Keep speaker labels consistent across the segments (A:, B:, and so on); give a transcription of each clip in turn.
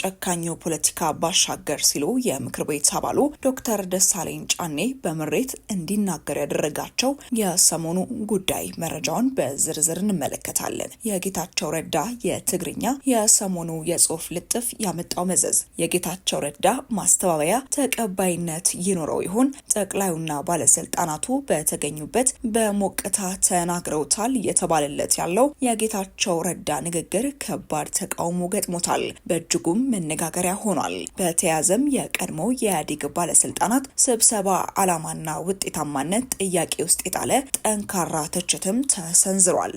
A: ከጨካኙ ፖለቲካ ባሻገር ሲሉ የምክር ቤት አባሉ ዶክተር ደሳለኝ ጫኔ በምሬት እንዲናገር ያደረጋቸው የሰሞኑ ጉዳይ መረጃውን በዝርዝር እንመለከታለን። የጌታቸው ረዳ የትግርኛ የሰሞኑ የጽሁፍ ልጥፍ ያመጣው መዘዝ፣ የጌታቸው ረዳ ማስተባበያ ተቀባይነት ይኖረው ይሆን? ጠቅላዩና ባለስልጣናቱ በተገኙበት በሞቅታ ተናግረውታል እየተባለለት ያለው የጌታቸው ረዳ ንግግር ከባድ ተቃውሞ ገጥሞታል። በእጅጉም መነጋገሪያ ሆኗል። በተያያዘም የቀድሞ የኢህአዴግ ባለስልጣናት ስብሰባ ዓላማና ውጤታማነት ጥያቄ ውስጥ የጣለ ጠንካራ ትችትም ተሰንዝሯል።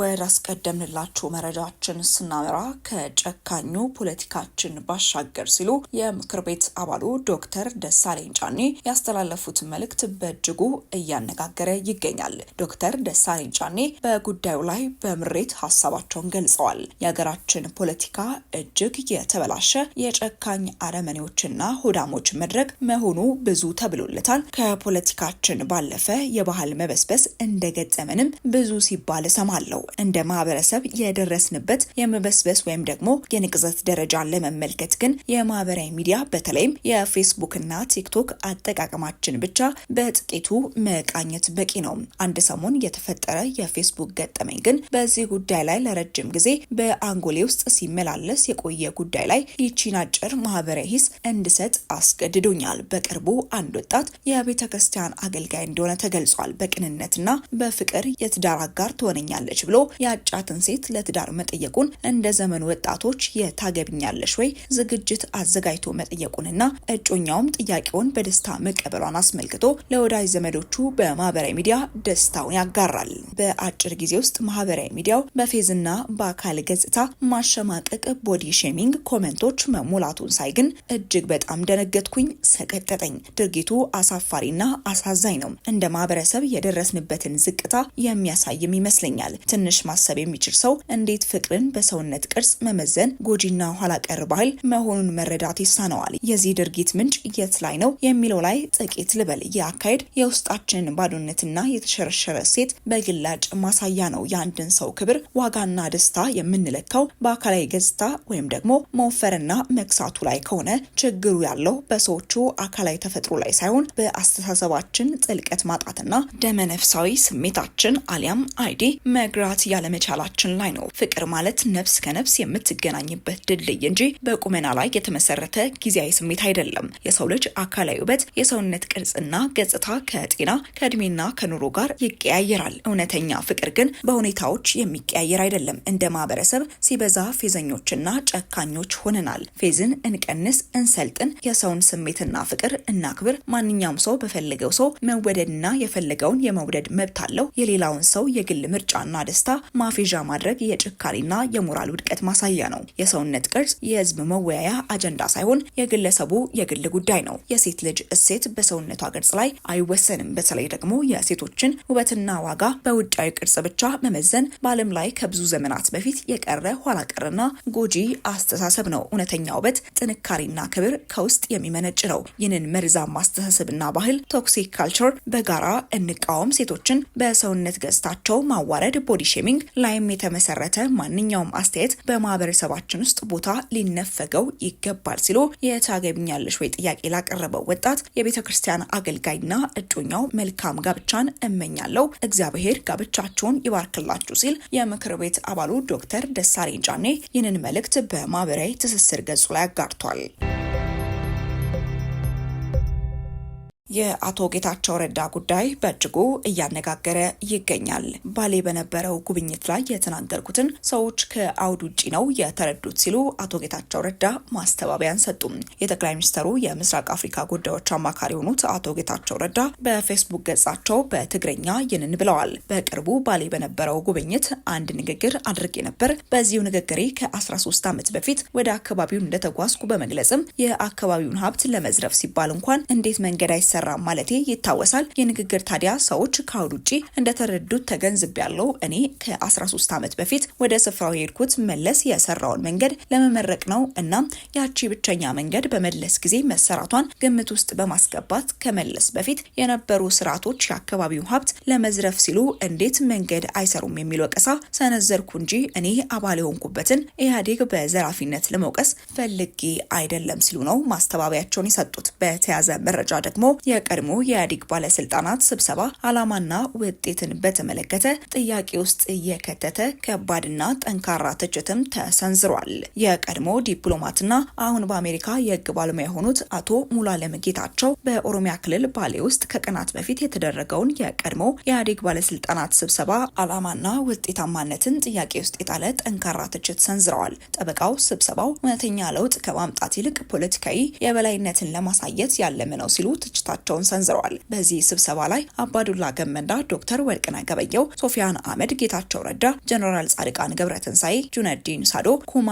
A: ወደ አስቀደምንላችሁ መረጃችን ስናመራ ከጨካኙ ፖለቲካችን ባሻገር ሲሉ የምክር ቤት አባሉ ዶክተር ደሳለኝ ጫኔ ያስተላለፉት መልእክት በእጅጉ እያነጋገረ ይገኛል። ዶክተር ደሳለኝ ጫኔ በጉዳዩ ላይ በምሬት ሀሳባቸውን ገልጸዋል። የሀገራችን ፖለቲካ እጅግ የተበላሸ የጨካኝ አረመኔዎችና ሆዳሞች መድረክ መሆኑ ብዙ ተብሎለታል። ከፖለቲካችን ባለፈ የባህል መበስበስ እንደገጠመንም ብዙ ሲባል እሰማለሁ። እንደ ማህበረሰብ የደረስንበት የመበስበስ ወይም ደግሞ የንቅዘት ደረጃን ለመመልከት ግን የማህበራዊ ሚዲያ በተለይም የፌስቡክና ቲክቶክ አጠቃቀማችን ብቻ በጥቂቱ መቃኘት በቂ ነው። አንድ ሰሞን የተፈጠረ የፌስቡክ ገጠመኝ ግን በዚህ ጉዳይ ላይ ለረጅም ጊዜ በአንጎሌ ውስጥ ሲመላለስ የቆየ ጉዳይ ላይ ይቺን አጭር ማህበራዊ ሂስ እንድሰጥ አስገድዶኛል። በቅርቡ አንድ ወጣት የቤተ ክርስቲያን አገልጋይ እንደሆነ ተገልጿል። በቅንነትና በፍቅር የትዳር አጋር ትሆነኛለች ብሎ ብሎ ያጫትን ሴት ለትዳር መጠየቁን እንደ ዘመኑ ወጣቶች የታገብኛለሽ ወይ ዝግጅት አዘጋጅቶ መጠየቁንና እጮኛውም ጥያቄውን በደስታ መቀበሏን አስመልክቶ ለወዳጅ ዘመዶቹ በማህበራዊ ሚዲያ ደስታውን ያጋራል። በአጭር ጊዜ ውስጥ ማህበራዊ ሚዲያው በፌዝና በአካል ገጽታ ማሸማቀቅ፣ ቦዲ ሼሚንግ ኮመንቶች መሙላቱን ሳይ ግን እጅግ በጣም ደነገጥኩኝ፣ ሰቀጠጠኝ። ድርጊቱ አሳፋሪና አሳዛኝ ነው። እንደ ማህበረሰብ የደረስንበትን ዝቅታ የሚያሳይም ይመስለኛል። ትንሽ ማሰብ የሚችል ሰው እንዴት ፍቅርን በሰውነት ቅርጽ መመዘን ጎጂና ኋላ ቀር ባህል መሆኑን መረዳት ይሳነዋል። የዚህ ድርጊት ምንጭ የት ላይ ነው የሚለው ላይ ጥቂት ልበል። ይህ አካሄድ የውስጣችንን ባዶነትና የተሸረሸረ ሴት በግላጭ ማሳያ ነው። የአንድን ሰው ክብር፣ ዋጋና ደስታ የምንለካው በአካላዊ ገጽታ ወይም ደግሞ መወፈርና መክሳቱ ላይ ከሆነ ችግሩ ያለው በሰዎቹ አካላዊ ተፈጥሮ ላይ ሳይሆን በአስተሳሰባችን ጥልቀት ማጣትና ደመነፍሳዊ ስሜታችን አሊያም አይዲ መግራ መግባባት ያለመቻላችን ላይ ነው። ፍቅር ማለት ነፍስ ከነፍስ የምትገናኝበት ድልድይ እንጂ በቁመና ላይ የተመሰረተ ጊዜያዊ ስሜት አይደለም። የሰው ልጅ አካላዊ ውበት፣ የሰውነት ቅርጽና ገጽታ ከጤና ከእድሜና ከኑሮ ጋር ይቀያየራል። እውነተኛ ፍቅር ግን በሁኔታዎች የሚቀያየር አይደለም። እንደ ማህበረሰብ ሲበዛ ፌዘኞችና ጨካኞች ሆነናል። ፌዝን እንቀንስ፣ እንሰልጥን። የሰውን ስሜትና ፍቅር እናክብር። ማንኛውም ሰው በፈለገው ሰው መወደድና የፈለገውን የመውደድ መብት አለው። የሌላውን ሰው የግል ምርጫና ደስ ደስታ ማፌዣ ማድረግ የጭካኔና የሞራል ውድቀት ማሳያ ነው። የሰውነት ቅርጽ የህዝብ መወያያ አጀንዳ ሳይሆን የግለሰቡ የግል ጉዳይ ነው። የሴት ልጅ እሴት በሰውነቷ ቅርጽ ላይ አይወሰንም። በተለይ ደግሞ የሴቶችን ውበትና ዋጋ በውጫዊ ቅርጽ ብቻ መመዘን በዓለም ላይ ከብዙ ዘመናት በፊት የቀረ ኋላቀርና ጎጂ አስተሳሰብ ነው። እውነተኛ ውበት፣ ጥንካሬና ክብር ከውስጥ የሚመነጭ ነው። ይህንን መርዛማ አስተሳሰብና ባህል ቶክሲክ ካልቸር በጋራ እንቃወም። ሴቶችን በሰውነት ገጽታቸው ማዋረድ ቦዲ ሼሚንግ ላይም የተመሰረተ ማንኛውም አስተያየት በማህበረሰባችን ውስጥ ቦታ ሊነፈገው ይገባል ሲሉ የታገቢኛለሽ ወይ ጥያቄ ላቀረበው ወጣት የቤተ ክርስቲያን አገልጋይና እጮኛው መልካም ጋብቻን እመኛለሁ፣ እግዚአብሔር ጋብቻችሁን ይባርክላችሁ ሲል የምክር ቤት አባሉ ዶክተር ደሳለኝ ጫኔ ይህንን መልእክት በማህበራዊ ትስስር ገጹ ላይ አጋርቷል። የአቶ ጌታቸው ረዳ ጉዳይ በእጅጉ እያነጋገረ ይገኛል። ባሌ በነበረው ጉብኝት ላይ የተናገርኩትን ሰዎች ከአውድ ውጭ ነው የተረዱት ሲሉ አቶ ጌታቸው ረዳ ማስተባበያን ሰጡ። የጠቅላይ ሚኒስትሩ የምስራቅ አፍሪካ ጉዳዮች አማካሪ የሆኑት አቶ ጌታቸው ረዳ በፌስቡክ ገጻቸው በትግረኛ ይህንን ብለዋል። በቅርቡ ባሌ በነበረው ጉብኝት አንድ ንግግር አድርጌ ነበር። በዚሁ ንግግሬ ከ13 ዓመት በፊት ወደ አካባቢውን እንደተጓዝኩ በመግለጽም የአካባቢውን ሀብት ለመዝረፍ ሲባል እንኳን እንዴት መንገድ አይሰራ አልሰራም ማለቴ ይታወሳል። የንግግር ታዲያ ሰዎች ከአሁድ ውጭ እንደተረዱት ተገንዝብ ያለው እኔ ከ13 ዓመት በፊት ወደ ስፍራው የሄድኩት መለስ የሰራውን መንገድ ለመመረቅ ነው። እናም ያቺ ብቸኛ መንገድ በመለስ ጊዜ መሰራቷን ግምት ውስጥ በማስገባት ከመለስ በፊት የነበሩ ስርዓቶች የአካባቢው ሀብት ለመዝረፍ ሲሉ እንዴት መንገድ አይሰሩም የሚል ወቀሳ ሰነዘርኩ እንጂ እኔ አባል የሆንኩበትን ኢህአዴግ በዘራፊነት ለመውቀስ ፈልጌ አይደለም ሲሉ ነው ማስተባበያቸውን የሰጡት። በተያዘ መረጃ ደግሞ የቀድሞ የኢህአዴግ ባለስልጣናት ስብሰባ ዓላማና ውጤትን በተመለከተ ጥያቄ ውስጥ የከተተ ከባድና ጠንካራ ትችትም ተሰንዝሯል። የቀድሞ ዲፕሎማትና አሁን በአሜሪካ የህግ ባለሙያ የሆኑት አቶ ሙሉዓለም ጌታቸው በኦሮሚያ ክልል ባሌ ውስጥ ከቀናት በፊት የተደረገውን የቀድሞ የኢህአዴግ ባለስልጣናት ስብሰባ ዓላማና ውጤታማነትን ጥያቄ ውስጥ የጣለ ጠንካራ ትችት ሰንዝረዋል። ጠበቃው ስብሰባው እውነተኛ ለውጥ ከማምጣት ይልቅ ፖለቲካዊ የበላይነትን ለማሳየት ያለመ ነው ሲሉ ትችታ ሀሳባቸውን ሰንዝረዋል። በዚህ ስብሰባ ላይ አባዱላ ገመዳ፣ ዶክተር ወርቅነህ ገበየው፣ ሶፊያን አህመድ፣ ጌታቸው ረዳ፣ ጀነራል ጻድቃን ገብረትንሳኤ፣ ጁነዲን ሳዶ፣ ኩማ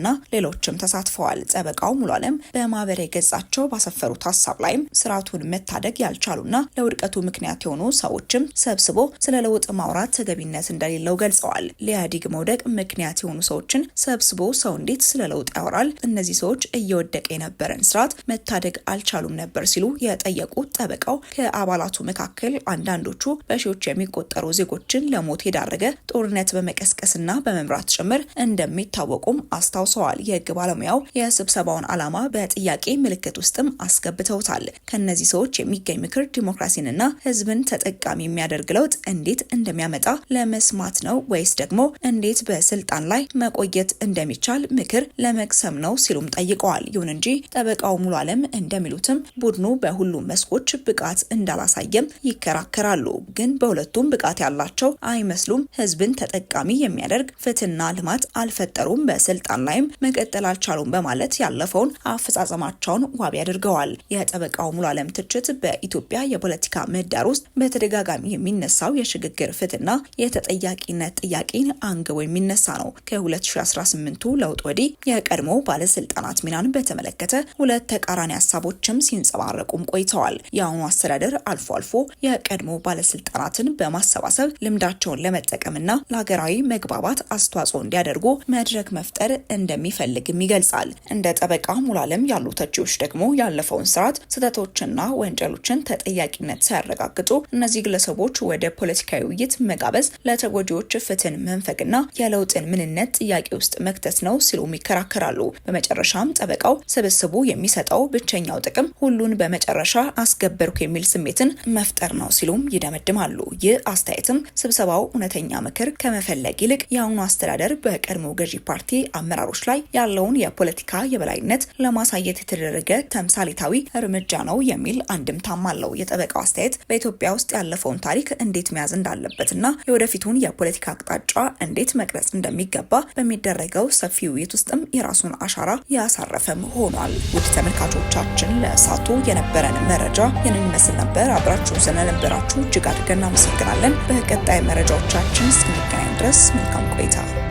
A: እና ሌሎችም ተሳትፈዋል። ጠበቃው ሙሉ አለም በማህበራዊ ገጻቸው ባሰፈሩት ሀሳብ ላይም ስርዓቱን መታደግ ያልቻሉና ለውድቀቱ ምክንያት የሆኑ ሰዎችም ሰብስቦ ስለ ለውጥ ማውራት ተገቢነት እንደሌለው ገልጸዋል። ለኢህአዴግ መውደቅ ምክንያት የሆኑ ሰዎችን ሰብስቦ ሰው እንዴት ስለ ለውጥ ያወራል? እነዚህ ሰዎች እየወደቀ የነበረን ስርዓት መታደግ አልቻሉም ነበር ሲሉ የጠ የጠየቁት ጠበቃው ከአባላቱ መካከል አንዳንዶቹ በሺዎች የሚቆጠሩ ዜጎችን ለሞት የዳረገ ጦርነት በመቀስቀስና በመምራት ጭምር እንደሚታወቁም አስታውሰዋል። የህግ ባለሙያው የስብሰባውን ዓላማ በጥያቄ ምልክት ውስጥም አስገብተውታል። ከእነዚህ ሰዎች የሚገኝ ምክር ዲሞክራሲንና ህዝብን ተጠቃሚ የሚያደርግ ለውጥ እንዴት እንደሚያመጣ ለመስማት ነው ወይስ ደግሞ እንዴት በስልጣን ላይ መቆየት እንደሚቻል ምክር ለመቅሰም ነው ሲሉም ጠይቀዋል። ይሁን እንጂ ጠበቃው ሙሉ አለም እንደሚሉትም ቡድኑ በሁሉም መስኮች ብቃት እንዳላሳየም ይከራከራሉ። ግን በሁለቱም ብቃት ያላቸው አይመስሉም። ህዝብን ተጠቃሚ የሚያደርግ ፍትህና ልማት አልፈጠሩም፣ በስልጣን ላይም መቀጠል አልቻሉም በማለት ያለፈውን አፈጻጸማቸውን ዋቢ አድርገዋል። የጠበቃው ሙሉ አለም ትችት በኢትዮጵያ የፖለቲካ ምህዳር ውስጥ በተደጋጋሚ የሚነሳው የሽግግር ፍትህና የተጠያቂነት ጥያቄን አንግቦ የሚነሳ ነው። 2018 ለውጥ ወዲህ የቀድሞ ባለስልጣናት ሚናን በተመለከተ ሁለት ተቃራኒ ሀሳቦችም ሲንጸባረቁም ቆይተዋል። አንስተዋል። የአሁኑ አስተዳደር አልፎ አልፎ የቀድሞ ባለስልጣናትን በማሰባሰብ ልምዳቸውን ለመጠቀምና ለሀገራዊ መግባባት አስተዋጽኦ እንዲያደርጉ መድረክ መፍጠር እንደሚፈልግም ይገልጻል። እንደ ጠበቃ ሙላለም ያሉ ተቺዎች ደግሞ ያለፈውን ስርዓት ስህተቶችና ወንጀሎችን ተጠያቂነት ሳያረጋግጡ እነዚህ ግለሰቦች ወደ ፖለቲካዊ ውይይት መጋበዝ ለተጎጂዎች ፍትህን መንፈግና የለውጥን ምንነት ጥያቄ ውስጥ መክተት ነው ሲሉም ይከራከራሉ። በመጨረሻም ጠበቃው ስብስቡ የሚሰጠው ብቸኛው ጥቅም ሁሉን በመጨረሻ አስገበርኩ የሚል ስሜትን መፍጠር ነው ሲሉም ይደመድማሉ። ይህ አስተያየትም ስብሰባው እውነተኛ ምክር ከመፈለግ ይልቅ የአሁኑ አስተዳደር በቀድሞ ገዢ ፓርቲ አመራሮች ላይ ያለውን የፖለቲካ የበላይነት ለማሳየት የተደረገ ተምሳሌታዊ እርምጃ ነው የሚል አንድምታም አለው። የጠበቃው አስተያየት በኢትዮጵያ ውስጥ ያለፈውን ታሪክ እንዴት መያዝ እንዳለበትና የወደፊቱን የፖለቲካ አቅጣጫ እንዴት መቅረጽ እንደሚገባ በሚደረገው ሰፊ ውይይት ውስጥም የራሱን አሻራ ያሳረፈም ሆኗል። ውድ ተመልካቾቻችን ለእሳቱ የነበረንም መረጃ ይህንን ይመስል ነበር። አብራችሁ ስለነበራችሁ እጅግ አድርገን እናመሰግናለን። በቀጣይ መረጃዎቻችን እስክንገናኝ ድረስ መልካም ቆይታ